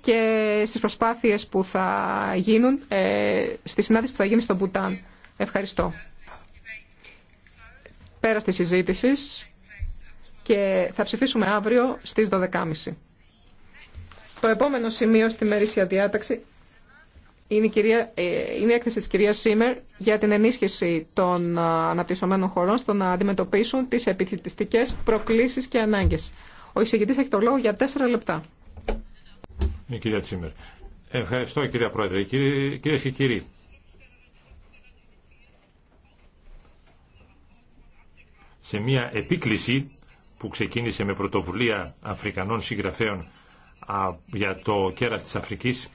και στις προσπάθειες που θα γίνουν ε, στη συνάντηση που θα γίνει στο Μπουτάν. Ευχαριστώ. Πέρα στη συζήτηση και θα ψηφίσουμε αύριο στις 12.30. Το επόμενο σημείο στη μερίσια διάταξη είναι η, κυρία, ε, είναι η έκθεση της κυρίας Σίμερ για την ενίσχυση των ε, αναπτυσσομένων χωρών στο να αντιμετωπίσουν τις επιθετιστικές προκλήσεις και ανάγκες. Ο εισηγητής έχει το λόγο για τέσσερα λεπτά η ναι, κυρία Τσίμερ. Ευχαριστώ κυρία Πρόεδρε. Κύριε, και κύριοι. Σε μια επίκληση που ξεκίνησε με πρωτοβουλία Αφρικανών συγγραφέων για το κέρας της Αφρικής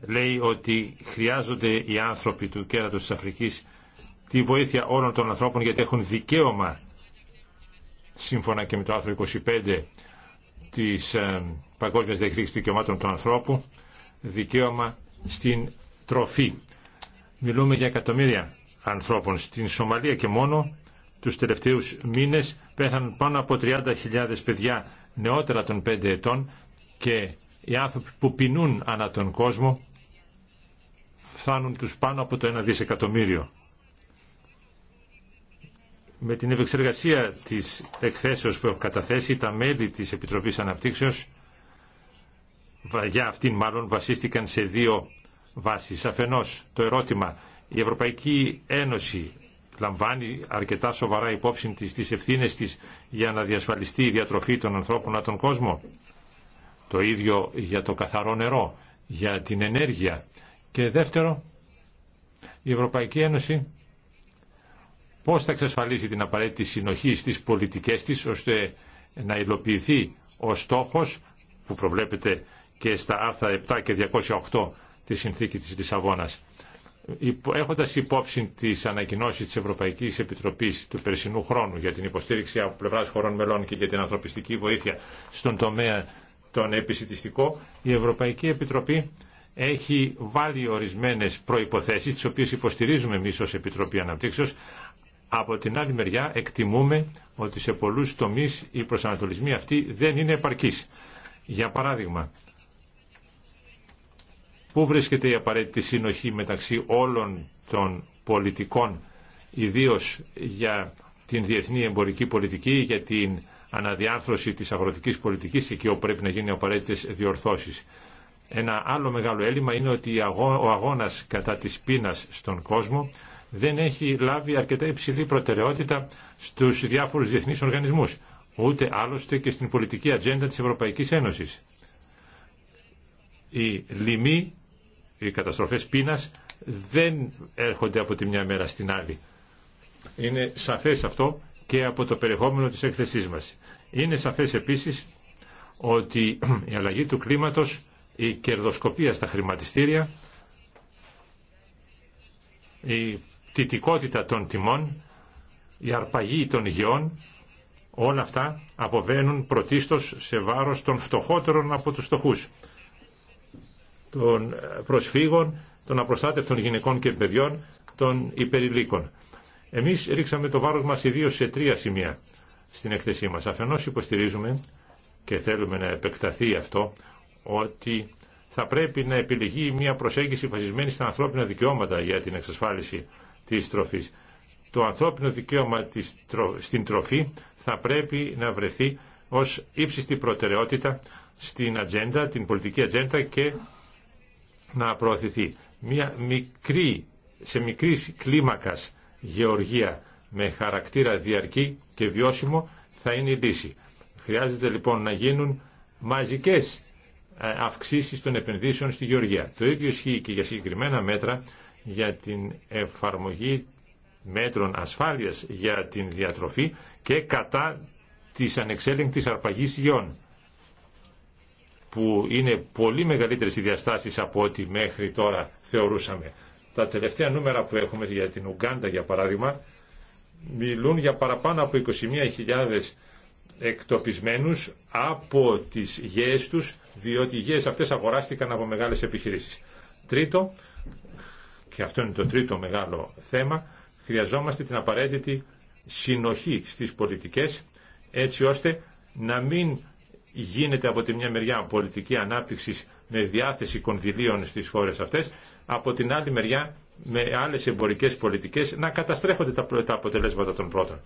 λέει ότι χρειάζονται οι άνθρωποι του κέρατος της Αφρικής τη βοήθεια όλων των ανθρώπων γιατί έχουν δικαίωμα σύμφωνα και με το άρθρο 25 της ε, Παγκόσμια διαχείριση Δικαιωμάτων του Ανθρώπου, δικαίωμα στην τροφή. Μιλούμε για εκατομμύρια ανθρώπων. Στην Σομαλία και μόνο τους τελευταίους μήνες πέθαναν πάνω από 30.000 παιδιά νεότερα των 5 ετών και οι άνθρωποι που πεινούν ανά τον κόσμο φτάνουν τους πάνω από το 1 δισεκατομμύριο. Με την επεξεργασία της εκθέσεως που έχω καταθέσει, τα μέλη της Επιτροπής Αναπτύξεως για αυτήν μάλλον βασίστηκαν σε δύο βάσεις. Αφενός το ερώτημα, η Ευρωπαϊκή Ένωση λαμβάνει αρκετά σοβαρά υπόψη της τις ευθύνες της για να διασφαλιστεί η διατροφή των ανθρώπων από τον κόσμο. Το ίδιο για το καθαρό νερό, για την ενέργεια. Και δεύτερο, η Ευρωπαϊκή Ένωση πώς θα εξασφαλίσει την απαραίτητη συνοχή στις πολιτικές της ώστε να υλοποιηθεί ο στόχος που προβλέπεται και στα άρθρα 7 και 208 της συνθήκης της Λισαβόνας. Έχοντας υπόψη τις ανακοινώσεις της Ευρωπαϊκής Επιτροπής του περσινού χρόνου για την υποστήριξη από πλευράς χωρών μελών και για την ανθρωπιστική βοήθεια στον τομέα των επισητιστικών, η Ευρωπαϊκή Επιτροπή έχει βάλει ορισμένες προϋποθέσεις, τις οποίες υποστηρίζουμε εμείς ως Επιτροπή Αναπτύξεως. Από την άλλη μεριά εκτιμούμε ότι σε πολλού τομεί οι προσανατολισμοί αυτοί δεν είναι επαρκείς. Για παράδειγμα, Πού βρίσκεται η απαραίτητη συνοχή μεταξύ όλων των πολιτικών, ιδίως για την διεθνή εμπορική πολιτική, για την αναδιάρθρωση της αγροτικής πολιτικής, εκεί όπου πρέπει να γίνουν απαραίτητες διορθώσεις. Ένα άλλο μεγάλο έλλειμμα είναι ότι ο αγώνας κατά της πείνας στον κόσμο δεν έχει λάβει αρκετά υψηλή προτεραιότητα στους διάφορους διεθνείς οργανισμούς, ούτε άλλωστε και στην πολιτική ατζέντα της Ευρωπαϊκής Ένωσης. Η λοιμή οι καταστροφές πείνας δεν έρχονται από τη μια μέρα στην άλλη. Είναι σαφές αυτό και από το περιεχόμενο της έκθεσής μας. Είναι σαφές επίσης ότι η αλλαγή του κλίματος, η κερδοσκοπία στα χρηματιστήρια, η τιτικότητα των τιμών, η αρπαγή των υγειών, όλα αυτά αποβαίνουν πρωτίστως σε βάρος των φτωχότερων από τους φτωχούς των προσφύγων, των απροστάτευτων γυναικών και παιδιών, των υπερηλίκων. Εμείς ρίξαμε το βάρος μας ιδίω σε τρία σημεία στην έκθεσή μα. Αφενό υποστηρίζουμε και θέλουμε να επεκταθεί αυτό ότι θα πρέπει να επιλεγεί μια προσέγγιση βασισμένη στα ανθρώπινα δικαιώματα για την εξασφάλιση της τροφή. Το ανθρώπινο δικαίωμα στην τροφή θα πρέπει να βρεθεί ως ύψιστη προτεραιότητα στην ατζέντα, την πολιτική ατζέντα και να προωθηθεί. Μια μικρή, σε μικρή κλίμακα γεωργία με χαρακτήρα διαρκή και βιώσιμο θα είναι η λύση. Χρειάζεται λοιπόν να γίνουν μαζικές ε, αυξήσεις των επενδύσεων στη γεωργία. Το ίδιο ισχύει και για συγκεκριμένα μέτρα για την εφαρμογή μέτρων ασφάλειας για την διατροφή και κατά της ανεξέλεγκτης αρπαγής γεών που είναι πολύ μεγαλύτερες οι διαστάσεις από ό,τι μέχρι τώρα θεωρούσαμε. Τα τελευταία νούμερα που έχουμε για την Ουγκάντα, για παράδειγμα, μιλούν για παραπάνω από 21.000 εκτοπισμένους από τις γέες τους, διότι οι γέες αυτές αγοράστηκαν από μεγάλες επιχειρήσεις. Τρίτο, και αυτό είναι το τρίτο μεγάλο θέμα, χρειαζόμαστε την απαραίτητη συνοχή στις πολιτικές, έτσι ώστε να μην γίνεται από τη μια μεριά πολιτική ανάπτυξη με διάθεση κονδυλίων στις χώρες αυτές, από την άλλη μεριά με άλλες εμπορικές πολιτικές να καταστρέφονται τα αποτελέσματα των πρώτων.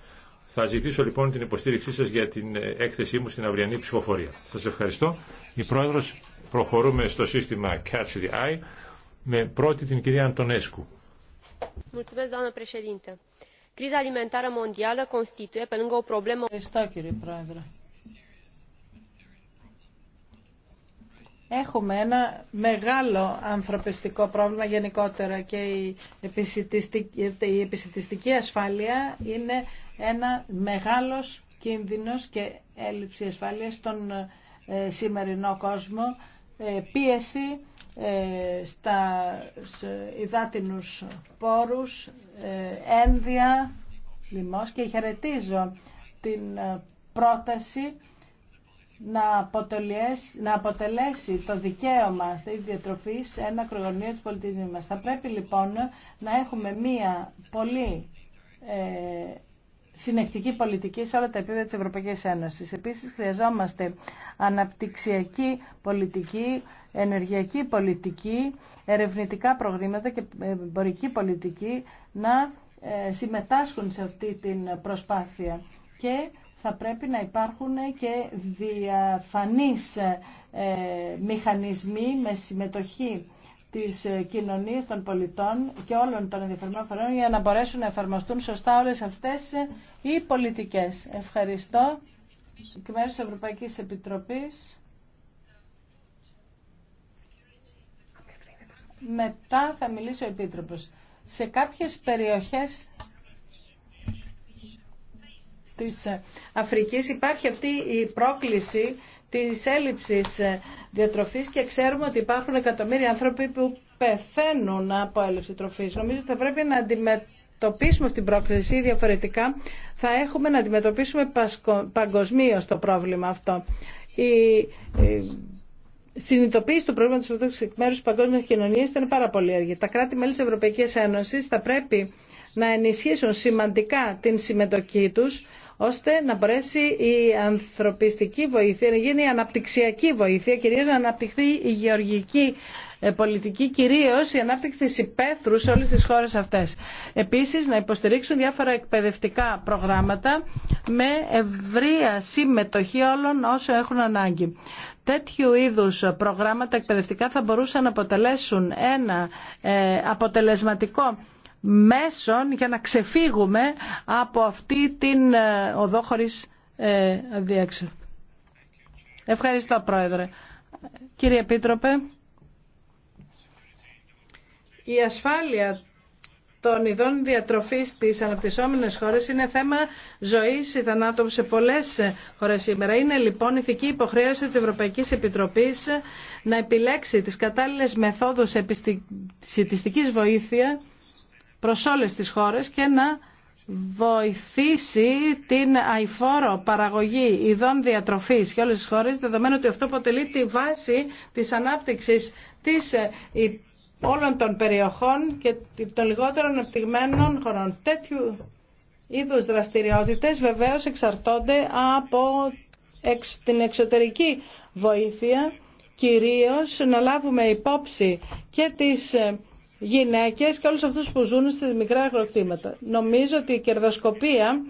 Θα ζητήσω λοιπόν την υποστήριξή σας για την ε, έκθεσή μου στην αυριανή ψηφοφορία. Σας ευχαριστώ. Η Πρόεδρος προχωρούμε στο σύστημα Catch the Eye με πρώτη την κυρία Αντωνέσκου. Ευχαριστώ κύριε Πρόεδρε. Έχουμε ένα μεγάλο ανθρωπιστικό πρόβλημα γενικότερα και η επισητιστική, η επισητιστική ασφάλεια είναι ένα μεγάλος κίνδυνος και έλλειψη ασφάλειας στον ε, σημερινό κόσμο, ε, πίεση ε, στα υδάτινους πόρους, ένδια, λοιμός και χαιρετίζω την πρόταση να, να αποτελέσει το δικαίωμα στη διατροφή σε ένα ακρογωνίο της πολιτισμής μας. Θα πρέπει λοιπόν να έχουμε μία πολύ ε, συνεχτική πολιτική σε όλα τα επίπεδα της Ευρωπαϊκής Ένωσης. Επίσης χρειαζόμαστε αναπτυξιακή πολιτική, ενεργειακή πολιτική, ερευνητικά προγράμματα και ε, εμπορική πολιτική να ε, συμμετάσχουν σε αυτή την προσπάθεια. Και θα πρέπει να υπάρχουν και διαφανείς ε, μηχανισμοί με συμμετοχή της ε, κοινωνίας των πολιτών και όλων των ενδιαφερμένων φορέων για να μπορέσουν να εφαρμοστούν σωστά όλες αυτές ε, οι πολιτικές. Ευχαριστώ. Εκ μέρους της Ευρωπαϊκής Επιτροπής. Μετά θα μιλήσει ο Επίτροπος. Σε κάποιες περιοχές της Αφρικής υπάρχει αυτή η πρόκληση της έλλειψης διατροφής και ξέρουμε ότι υπάρχουν εκατομμύρια άνθρωποι που πεθαίνουν από έλλειψη τροφής. Νομίζω ότι θα πρέπει να αντιμετωπίσουμε αυτή την πρόκληση διαφορετικά θα έχουμε να αντιμετωπίσουμε παγκοσμίω το πρόβλημα αυτό. Η συνειδητοποίηση του προβλήματος του εκ μέρους της παγκόσμιας κοινωνίας ήταν πάρα πολύ αργή. Τα κράτη-μέλη της Ευρωπαϊκής Ένωσης θα πρέπει να ενισχύσουν σημαντικά την συμμετοχή του ώστε να μπορέσει η ανθρωπιστική βοήθεια να γίνει αναπτυξιακή βοήθεια, κυρίως να αναπτυχθεί η γεωργική ε, πολιτική, κυρίως η ανάπτυξη της υπαίθρου σε όλες τις χώρες αυτές. Επίσης, να υποστηρίξουν διάφορα εκπαιδευτικά προγράμματα με ευρεία συμμετοχή όλων όσων έχουν ανάγκη. Τέτοιου είδους προγράμματα εκπαιδευτικά θα μπορούσαν να αποτελέσουν ένα ε, αποτελεσματικό μέσων για να ξεφύγουμε από αυτή την ε, οδό χωρίς ε, διέξοδο. Ευχαριστώ Πρόεδρε. Κύριε Επίτροπε, η ασφάλεια των ειδών διατροφής στις αναπτυσσόμενες χώρες είναι θέμα ζωής ή θανάτου σε πολλές ε, χώρες σήμερα. Είναι λοιπόν ηθική υποχρέωση της Ευρωπαϊκής Επιτροπής να επιλέξει τις κατάλληλες μεθόδους επιστημιστικής βοήθεια προς όλες τις χώρες και να βοηθήσει την αηφόρο παραγωγή ειδών διατροφής και όλες τις χώρες, δεδομένου ότι αυτό αποτελεί τη βάση της ανάπτυξης της ε, όλων των περιοχών και των λιγότερων ανεπτυγμένων χωρών. Τέτοιου είδους δραστηριότητες βεβαίως εξαρτώνται από την εξωτερική βοήθεια, κυρίως να λάβουμε υπόψη και τις ε, γυναίκες και όλου αυτούς που ζουν στι μικρά αγροκτήματα. Νομίζω ότι η κερδοσκοπία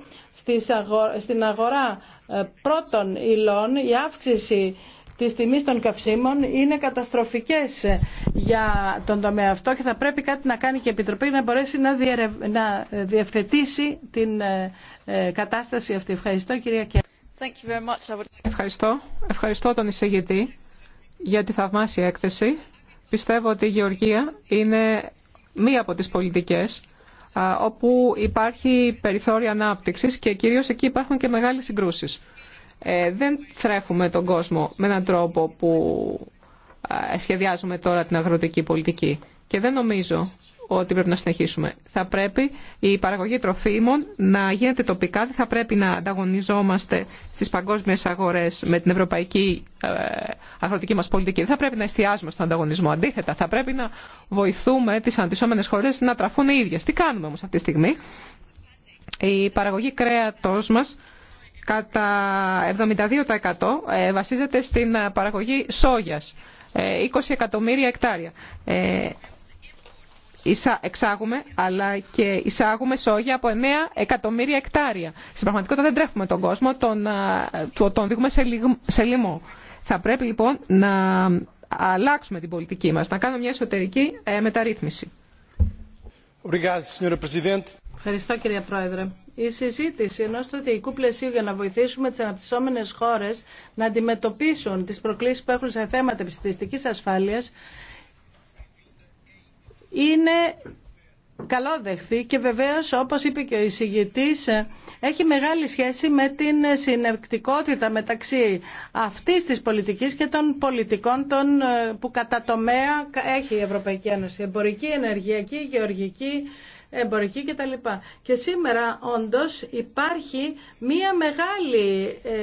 στην αγορά ε, πρώτων υλών, η αύξηση της τιμής των καυσίμων είναι καταστροφικές για τον τομέα αυτό και θα πρέπει κάτι να κάνει και η Επιτροπή να μπορέσει να, να διευθετήσει την ε, ε, κατάσταση αυτή. Ευχαριστώ κυρία Would... Ευχαριστώ. Ευχαριστώ τον εισηγητή για τη θαυμάσια έκθεση. Πιστεύω ότι η γεωργία είναι μία από τις πολιτικές όπου υπάρχει περιθώρια ανάπτυξης και κυρίως εκεί υπάρχουν και μεγάλες συγκρούσεις. Ε, δεν θρέφουμε τον κόσμο με έναν τρόπο που σχεδιάζουμε τώρα την αγροτική πολιτική. Και δεν νομίζω ότι πρέπει να συνεχίσουμε. Θα πρέπει η παραγωγή τροφίμων να γίνεται τοπικά, δεν θα πρέπει να ανταγωνιζόμαστε στις παγκόσμιες αγορές με την ευρωπαϊκή ε, αγροτική μας πολιτική. Δεν θα πρέπει να εστιάζουμε στον ανταγωνισμό. Αντίθετα, θα πρέπει να βοηθούμε τις αντισώμενες χώρες να τραφούν οι ίδιες. Τι κάνουμε όμως αυτή τη στιγμή. Η παραγωγή κρέατος μας κατά 72% ε, βασίζεται στην παραγωγή σόγιας, 20 ε, εκατομμύρια εκτάρια εξάγουμε, αλλά και εισάγουμε σόγια από 9 εκατομμύρια εκτάρια. Στην πραγματικότητα δεν τρέφουμε τον κόσμο, τον, τον σε λοιμό. Θα πρέπει λοιπόν να αλλάξουμε την πολιτική μας, να κάνουμε μια εσωτερική ε, μεταρρύθμιση. Ευχαριστώ κύριε Πρόεδρε. Η συζήτηση ενό στρατηγικού πλαισίου για να βοηθήσουμε τι αναπτυσσόμενε χώρε να αντιμετωπίσουν τι προκλήσει που έχουν σε θέματα επιστημιστική ασφάλεια είναι καλόδεχτη και βεβαίως όπως είπε και ο εισηγητής έχει μεγάλη σχέση με την συνεκτικότητα μεταξύ αυτής της πολιτικής και των πολιτικών των, ε, που κατά τομέα έχει η Ευρωπαϊκή Ένωση. Εμπορική, ενεργειακή, γεωργική, εμπορική κτλ. Και σήμερα όντως υπάρχει μία μεγάλη ε,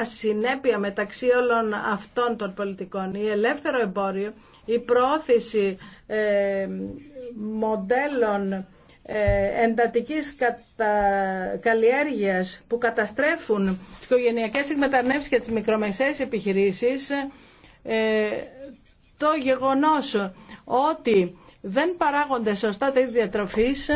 ασυνέπεια μεταξύ όλων αυτών των πολιτικών. Η ελεύθερο εμπόριο, η προώθηση ε, μοντέλων ε, εντατικής κατα... καλλιέργειας που καταστρέφουν τις οικογενειακές εκμετανεύσεις και τις μικρομεσαίες επιχειρήσεις, το γεγονός ότι δεν παράγονται σωστά τα ίδια τροφής,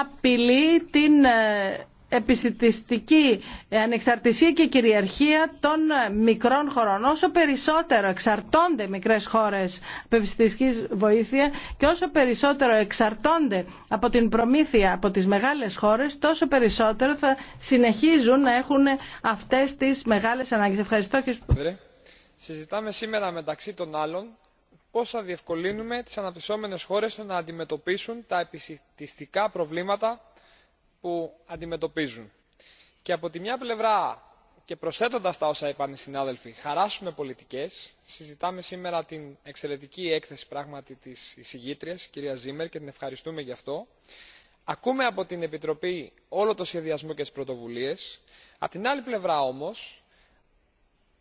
απειλεί την ε, επιστημιστική ανεξαρτησία και κυριαρχία των ε, μικρών χωρών. Όσο περισσότερο εξαρτώνται μικρές χώρες από βοήθεια και όσο περισσότερο εξαρτώνται από την προμήθεια από τις μεγάλες χώρες, τόσο περισσότερο θα συνεχίζουν να έχουν αυτές τις μεγάλες ανάγκες. Ευχαριστώ. Συζητάμε σήμερα μεταξύ των άλλων πώς θα διευκολύνουμε τις αναπτυσσόμενες χώρες στο να αντιμετωπίσουν τα επισητιστικά προβλήματα που αντιμετωπίζουν. Και από τη μια πλευρά και προσθέτοντας τα όσα είπαν οι συνάδελφοι χαράσουμε πολιτικές συζητάμε σήμερα την εξαιρετική έκθεση πράγματι της εισηγήτριας κυρία Ζήμερ και την ευχαριστούμε γι' αυτό ακούμε από την επιτροπή όλο το σχεδιασμό και τις πρωτοβουλίες. από την άλλη πλευρά όμως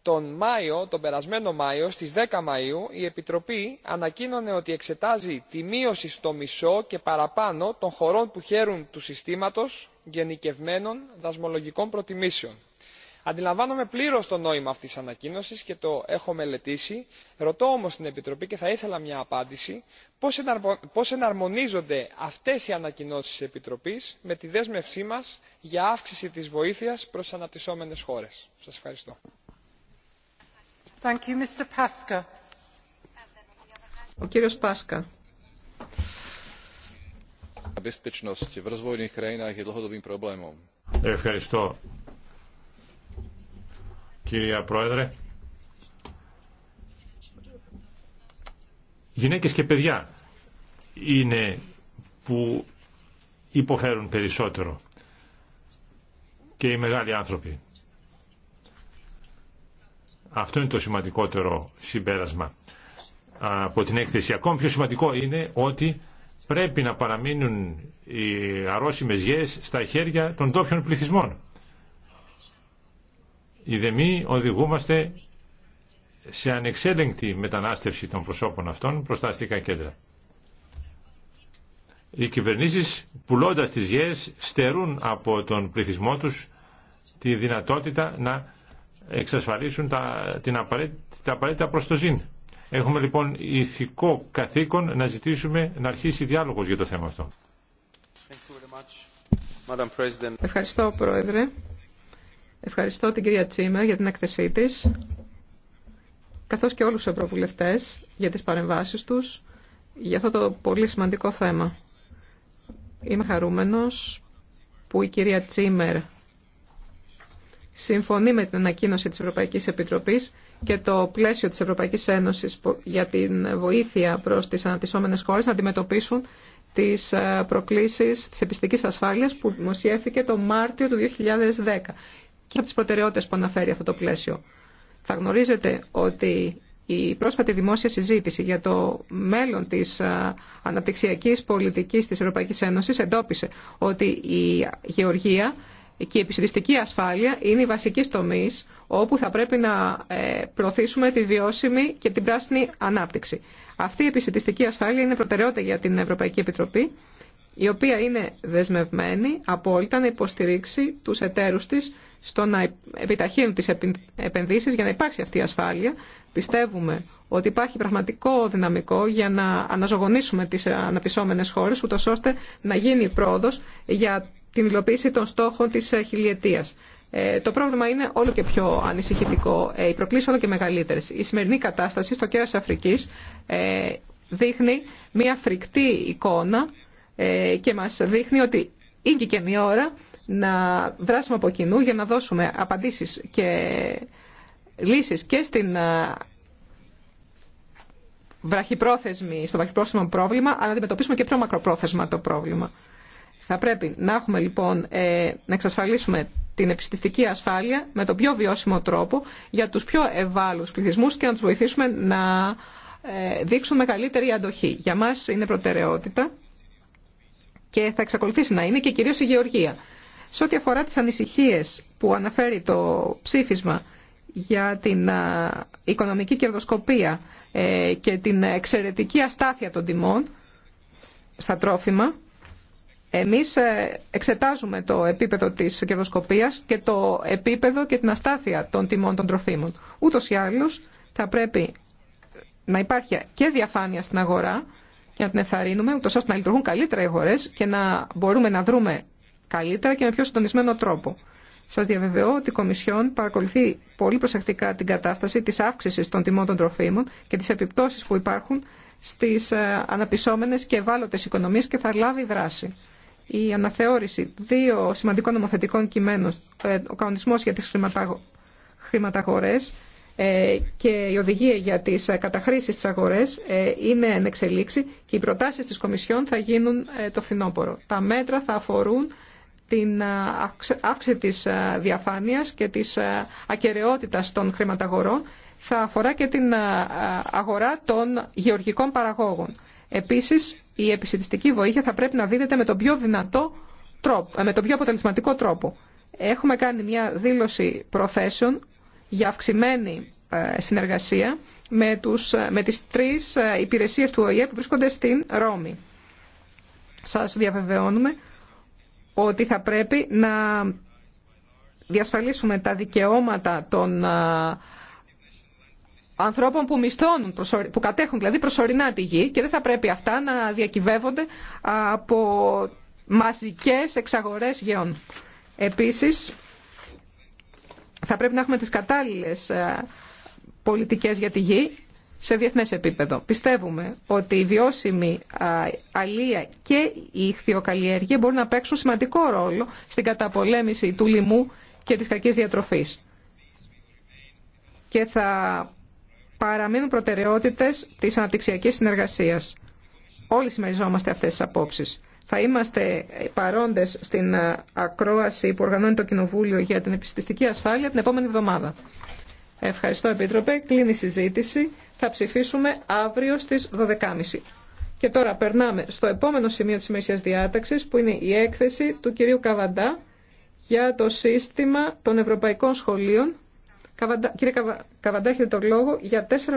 τον μάιο τον περασμένο μάιο στις 10 μαΐου η επιτροπή ανακοίνωνε ότι εξετάζει τη μείωση στο μισό και παραπάνω των χωρών που χαίρουν του συστήματος γενικευμένων δασμολογικών προτιμήσεων. αντιλαμβάνομαι πλήρως το νόημα αυτής της ανακοίνωσης και το έχω μελετήσει ρωτώ όμως την επιτροπή και θα ήθελα μια απάντηση πώς εναρμονίζονται αυτές οι ανακοινώσεις της επιτροπής με τη δέσμευσή μας για αύξηση της βοήθειας προς τις αναπτυσσόμενες χώρες. ευχαριστώ. Πάσκα. Ευχαριστώ. κύριε Πρόεδρε, γυναίκες και παιδιά είναι που υποφέρουν περισσότερο και οι μεγάλοι άνθρωποι. Αυτό είναι το σημαντικότερο συμπέρασμα από την έκθεση. Ακόμη πιο σημαντικό είναι ότι πρέπει να παραμείνουν οι αρρώσιμες γέες στα χέρια των τόπιων πληθυσμών. Οι δεμοί οδηγούμαστε σε ανεξέλεγκτη μετανάστευση των προσώπων αυτών προς τα αστικά κέντρα. Οι κυβερνήσεις πουλώντας τις γέες στερούν από τον πληθυσμό τους τη δυνατότητα να εξασφαλίσουν τα, την απαραίτητη, τα απαραίτητα Έχουμε λοιπόν ηθικό καθήκον να ζητήσουμε να αρχίσει διάλογος για το θέμα αυτό. Ευχαριστώ Πρόεδρε. Ευχαριστώ την κυρία Τσίμερ για την έκθεσή της, καθώς και όλους τους ευρωβουλευτές για τις παρεμβάσεις τους για αυτό το πολύ σημαντικό θέμα. Είμαι χαρούμενος που η κυρία Τσίμερ συμφωνεί με την ανακοίνωση της Ευρωπαϊκής Επιτροπής και το πλαίσιο της Ευρωπαϊκής Ένωσης για την βοήθεια προς τις αναπτυσσόμενες χώρες να αντιμετωπίσουν τις ε, προκλήσεις της επιστικής ασφάλειας που δημοσιεύθηκε το Μάρτιο του 2010 και από τις προτεραιότητες που αναφέρει αυτό το πλαίσιο. Θα γνωρίζετε ότι η πρόσφατη δημόσια συζήτηση για το μέλλον της ε, αναπτυξιακής πολιτικής της Ευρωπαϊκής Ένωσης εντόπισε ότι η γεωργία και η επιστημιστική ασφάλεια είναι οι βασικοί τομεί όπου θα πρέπει να ε, προωθήσουμε τη βιώσιμη και την πράσινη ανάπτυξη. Αυτή η επιστημιστική ασφάλεια είναι προτεραιότητα για την Ευρωπαϊκή Επιτροπή, η οποία είναι δεσμευμένη απόλυτα να υποστηρίξει του εταίρου τη στο να επιταχύνουν τι επενδύσει για να υπάρξει αυτή η ασφάλεια. Πιστεύουμε ότι υπάρχει πραγματικό δυναμικό για να αναζωογονήσουμε τι αναπτυσσόμενε χώρε, ούτω ώστε να γίνει πρόοδο για την υλοποίηση των στόχων της ε, χιλιετίας. Ε, το πρόβλημα είναι όλο και πιο ανησυχητικό, ε, οι προκλήσεις όλο και μεγαλύτερες. Η σημερινή κατάσταση στο κέρας Αφρικής δείχνει μια φρικτή εικόνα και μας δείχνει ότι είναι και η ώρα να δράσουμε από κοινού για να δώσουμε απαντήσεις και λύσεις και στην βραχυπρόθεσμη, στο βραχυπρόθεσμο πρόβλημα, αλλά να αντιμετωπίσουμε και πιο μακροπρόθεσμα το πρόβλημα. Θα πρέπει να έχουμε λοιπόν ε, να εξασφαλίσουμε την επιστηστική ασφάλεια με τον πιο βιώσιμο τρόπο για τους πιο ευάλους πληθυσμούς και να τους βοηθήσουμε να ε, δείξουν μεγαλύτερη αντοχή. Για μας είναι προτεραιότητα και θα εξακολουθήσει να είναι και κυρίως η γεωργία. Σε ό,τι αφορά τις ανησυχίες που αναφέρει το ψήφισμα για την ε, οικονομική κερδοσκοπία και την εξαιρετική αστάθεια των τιμών στα τρόφιμα, εμείς ε, εξετάζουμε το επίπεδο της κερδοσκοπίας και το επίπεδο και την αστάθεια των τιμών των τροφίμων. Ούτως ή άλλως θα πρέπει να υπάρχει και διαφάνεια στην αγορά και να την εθαρρύνουμε, ούτως ώστε να λειτουργούν καλύτερα οι αγορές και να μπορούμε να δρούμε καλύτερα και με πιο συντονισμένο τρόπο. Σας διαβεβαιώ ότι η Κομισιόν παρακολουθεί πολύ προσεκτικά την κατάσταση της αύξησης των τιμών των τροφίμων και τις επιπτώσεις που υπάρχουν στις ε, αναπτυσσόμενες και ευάλωτες οικονομίες και θα λάβει δράση η αναθεώρηση δύο σημαντικών νομοθετικών κειμένων, ε, ο κανονισμός για τις χρηματαγορές ε, και η οδηγία για τις ε, καταχρήσεις της αγορές είναι εν εξελίξη και οι προτάσεις της Κομισιόν θα γίνουν το φθινόπωρο. Τα μέτρα θα αφορούν την αύξηση της διαφάνειας και της ακαιρεότητας των χρηματαγορών θα αφορά και την αγορά των γεωργικών παραγόγων. Επίσης, η επιστημιστική βοήθεια θα πρέπει να δίδεται με τον πιο δυνατό τρόπο, ε, με τον πιο αποτελεσματικό τρόπο. Έχουμε κάνει μια δήλωση προθέσεων για αυξημένη ε, συνεργασία με, τους, ε, με τις τρεις υπηρεσίες του ΟΗΕ που βρίσκονται στην Ρώμη. Σας διαβεβαιώνουμε ότι θα πρέπει να διασφαλίσουμε τα δικαιώματα των ανθρώπων που μισθώνουν, που κατέχουν δηλαδή προσωρινά τη γη και δεν θα πρέπει αυτά να διακυβεύονται από μαζικές εξαγορές γεών. Επίσης, θα πρέπει να έχουμε τις κατάλληλες ε, πολιτικές για τη γη σε διεθνές επίπεδο. Πιστεύουμε ότι η βιώσιμη αλία και η ηχθειοκαλλιέργεια μπορούν να παίξουν σημαντικό ρόλο στην καταπολέμηση του λοιμού και της κακής διατροφής. Και θα παραμείνουν προτεραιότητες της αναπτυξιακής συνεργασίας. Όλοι συμμεριζόμαστε αυτές τις απόψεις. Θα είμαστε παρόντες στην ε, ακρόαση που οργανώνει το Κοινοβούλιο για την επιστηστική ασφάλεια την επόμενη εβδομάδα. Ευχαριστώ, Επίτροπε. Κλείνει η συζήτηση. Θα ψηφίσουμε αύριο στις 12.30. Και τώρα περνάμε στο επόμενο σημείο της ημερησίας διάταξης που είναι η έκθεση του κυρίου Καβαντά για το σύστημα των Ευρωπαϊκών Σχολείων Κύριε Καβαντά, έχετε το λόγο για τέσσερα